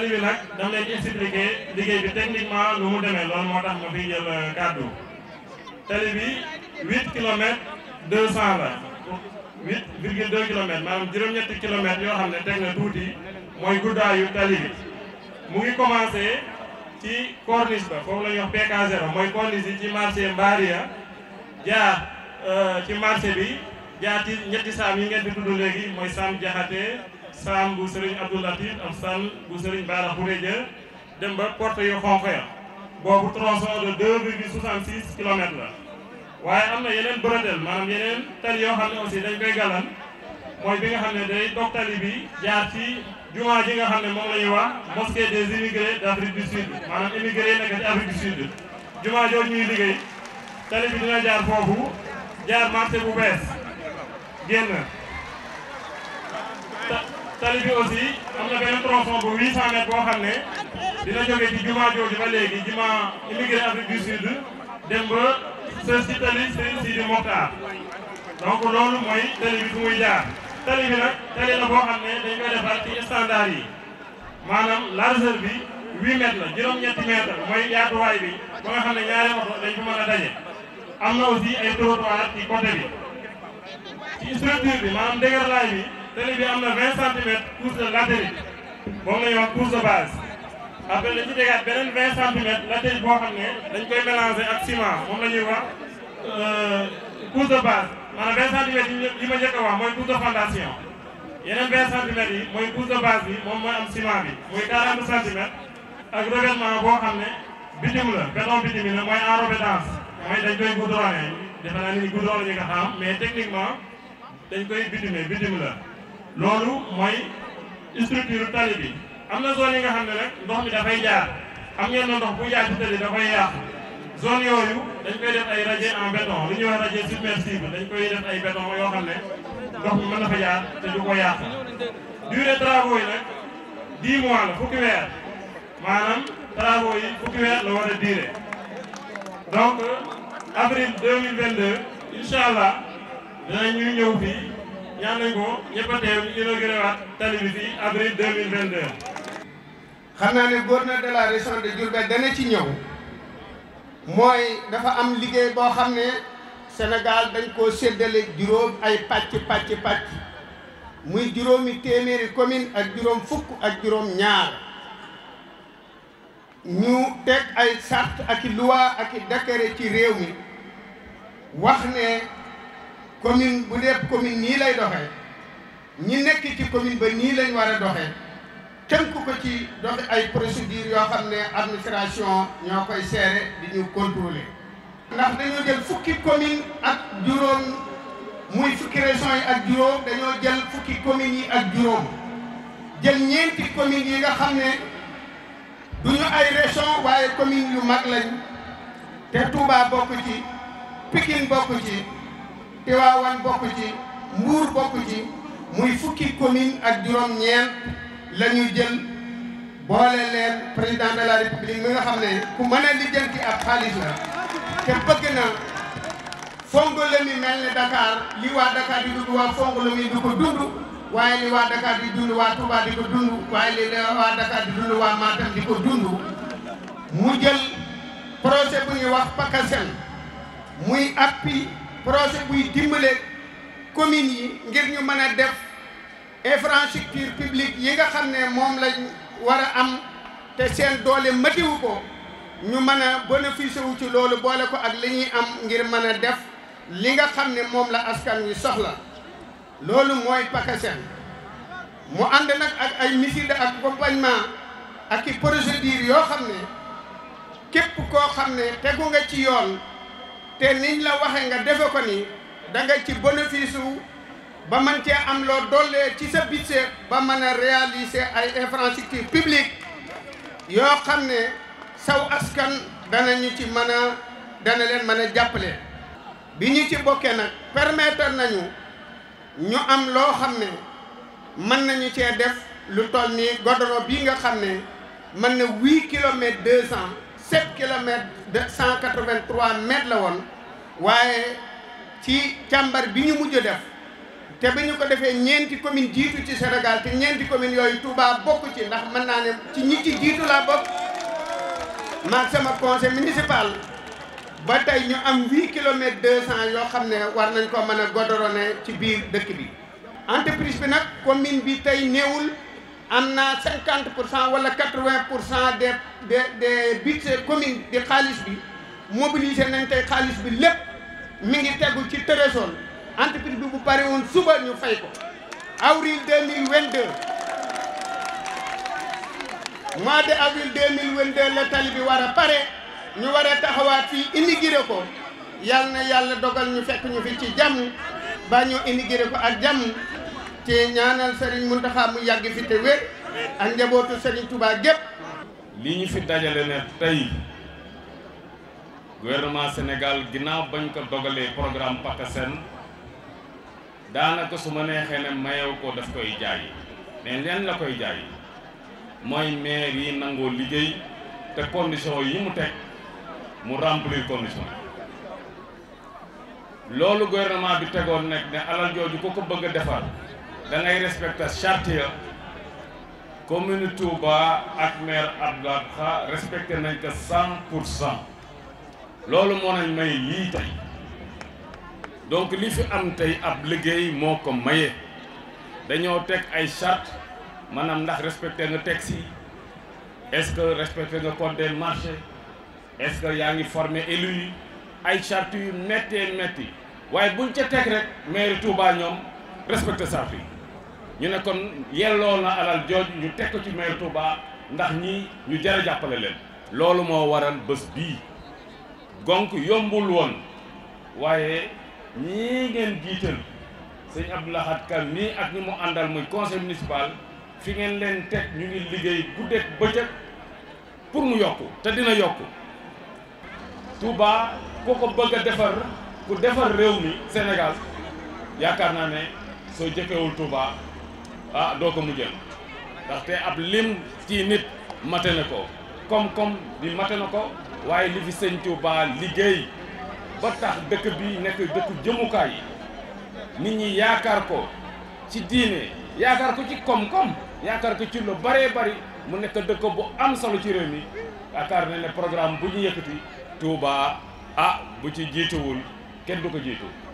tali bi nag dama leen expliqué liggéey bi techniquement nu mu demee loolu moo tax ma fiy jël euh, kàddu tali bi huit kilomètres deux cent la huit virgule deux kilomètres maanaam juróom-ñetti kilomètres yoo xam ne teg na tuuti mooy guddaayu tali bi mu ngi commencé ci corniche ba foofu la ñuy wax PK0 mooy corniche yi ci marché Mbaria jaar euh, ci marché bi jaar ci ñetti saam yi ngeen fi tudd léegi mooy Sam Diakhaté saam bu sëriñ Abdou Latif am saam bu sëriñ Baara Khourédia dem ba porte yu xonq ya boobu tronçon de deux virgule soixante-six kilomètres la waaye am na yeneen bretelle maanaam yeneen tali yoo xam ne aussi dañ koy galan mooy bi nga xam ne day dog tali bi jaar ci jumaa ji nga xam ne moom la ñuy wax mosquée des immigrés d' Afrique du Sud maanaam immigré nekk ci Afrique du Sud jumaa jooju ñuy liggéey tali bi dina jaar foofu jaar marché bu bees génn tali bi aussi am na benn tronçon bu 800 mètres boo xam ne dina jóge ci juma jooju ba léegi juma immigré Afrique du Sud dem ba sës ci tali Serigne Sidi Mokhtar donc loolu mooy tali bi fu muy jaar. tali bi nag tali la boo xam ne dañ koy defar ci standard yi maanaam largeur bi 8 mètres la juróom-ñetti mètres mooy yaatuwaay bi ba nga xam ne ñaari oto dañ ko mën a daje. am na aussi ay trottoir ci côté bi ci structure bi maanaam dëgërlaay bi. tali bi am na 20 centimètres couche de latérite moom la ñuy wax couche de base après dañ ci tegaat beneen 20 centimètres latérite boo xam ne dañ koy mélanger ak ciment moom la ñuy wax euh, couche de base maanaam 20 centimètres yi ma njëkk a wax mooy couche de fondation yeneen 20 centimètres yi mooy couche de base bi moom mooy am ciment bi muy 40 centimètres ak revêtement boo xam ne bitim la béton bitim bi la mooy enrobé dense dañ koy goudronné defe naa ni yi la mais techniquement dañ koy bitimé loolu mooy structure tali bi am na zone yi nga xam ne nag ndox mi dafay jaar am ngeen na ndox bu jaar ci tali dafay yàq zone yooyu dañ koy def ay radier en béton lu ñuy wax radier submersible dañ koy def ay béton yoo xam ne ndox mi mën na fa jaar te du ko yàq durée travaux nag dix la fukki weer maanaam travaux yi fukki weer la war a durer donc avril deux mille vingt deux allah dinañ ñu ñëw fii. ñaan nañ ko ñëpp a teew ñu inauguré waat tali bi fii avril naa ne gouverneur de la région de Diourbel dana ci ñëw mooy dafa am liggéey boo xam ne Sénégal dañ koo séddale juróom ay pàcc pàcc pàcc muy juróomi téeméeri commune ak juróom fukk ak juróom ñaar ñu teg ay sart ak i ak i ci réew mi wax ne commune bu dee commune nii lay doxee ñi nekk ci commune ba nii lañ war a doxee tënk ko ci doxe ay procédure yoo xam ne administration ñoo koy seere di ñu contrôler ndax dañoo jël fukki commune ak juróom muy fukki régions ak juróom dañoo jël fukki communes yi ak juróom jël ñeenti communes yi nga xam ne duñu ay région waaye commune yu mag lañ te Touba bokk ci Pikine bokk ci Tiwaawan bokk ci Mbuur bokk ci muy fukki commune ak juróom-ñeent la ñu jël boole leen président de la république mi xam ne ku mën a lijjanti ab xaalis la te bëgg Fongolemi mel ne Dakar li waa Dakar di dund waa Fongolemi di ko dund waaye li waa Dakar di dund waa Touba di ko dund waaye li bu ñuy wax PACASEN muy appui. projet buy dimbale communes yi ngir ñu mën a def infrastructure publique yi nga xam ne moom la war a am te seen doole matiwu ko ñu mën a bénéficier wu ci loolu boole ko ak li ñuy am ngir mën a def li nga xam ne moom la askan wi soxla loolu mooy PACASEN mu ànd nag ak ay mesures d'accompagnement ak i procédures yoo xam ne képp koo xam ne tegu nga ci yoon te niñ la waxe nga defe ko da nga ci bénéfice wu ba mën ci am loo dollee ci sa budget ba mën a réaliser ay infrastructure publique yoo xam ne saw askan ñu ci mën a dana leen mën a jàppale bi ñu ci bokkee nag permettre nañu ñu am loo xam ne mën nañu cee def lu toll nii godoro bii nga xam ne mën na huit kilomètres deux cents sept kilomètres de cent quatre vingt la woon waaye ci càmbar bi ñu mujj def te bi ñu ko defee ñeenti commune jiitu ci Sénégal te ñeenti commune yooyu Touba bokku ci ndax mën naa ne ci ñi ci jiitu laa bokk maag sama conseil municipal ba tey ñu am huit kilomètres deux cent yoo xam ne war nañ koo mën a godorone ci biir dëkk bi entreprise bi nag commune bi tey néewul am na cinquante pour cent wala quatre-vingt pour cent des des des di xaalis bi mobilisé nañ tey xaalis bi lépp mi ngi tegu ci trésor entreprise bi bu pare woon suba ñu fay ko avril 2022 mois de avril 2022 la tali bi war a pare ñu war a taxawaat fii inauguré ko yal na yàlla dogal ñu fekk ñu fi ci jàmm ba ñu inauguré ko ak jàmm te ñaanal Serigne Mountakha mu yàgg fi te wér ak njabootu Serigne tubaab gépp li ñu fi dajale ne tey gouvernement Sénégal ginnaaw bañ ko dogalee programme PACASEN daanaka su ma neexee ne mayew ko daf koy jaay mais leen la koy jaay mooy maire yi nangoo liggéey te condition yi mu teg mu remplir condition loolu gouvernement bi tegoon nekk ne alal jooju ko ko bëgg a defar da respecte respecté charte ya commune Touba ak maire Abdoulaye Kha respecté nañ ko cent pour cent loolu moo nañ may lii tey donc li fi am tey ab liggéey moo ko maye dañoo teg ay charte maanaam ndax respecte nga teg si est respecte que respecté nga code des marchés yaa ngi formé élus yi ay charte yu méttee métti waaye buñ ca teg rek maire Touba ñoom respecté charte ñu ne kon yelloo na alal jooj ñu teg ko ci maire Touba ndax ñi ñu jar jàppale leen loolu moo waral bés bii gonk yombul woon waaye ñii ngeen jiital sëñ Abdou Lahad Ka nii ak ñi mu àndal muy conseil municipal fi ngeen leen teg ñu ngi liggéey guddeeg bëccëg pour mu yokku te dina yokk Touba ku ko bëgg defar ku defar réew mi Sénégal yaakaar naa ne soo jëkkewul Touba a ah, doo ko mujjee ndaxte ab lim ci nit mate na ko koom-koom bi mate na ko waaye li fi sëñ Tuubaa liggéey ba tax dëkk bi nekk dëkku jëmukaay nit ñi yaakaar ko ci diine yaakaar ko ci koom-koom yaakaar ko ci lu bëree bëri mu nekk dëkk bu am solo ci réew mi yaakaar na ne programme bu ñu yëkkati Touba ah bu ci jiituwul kenn du ko jiitu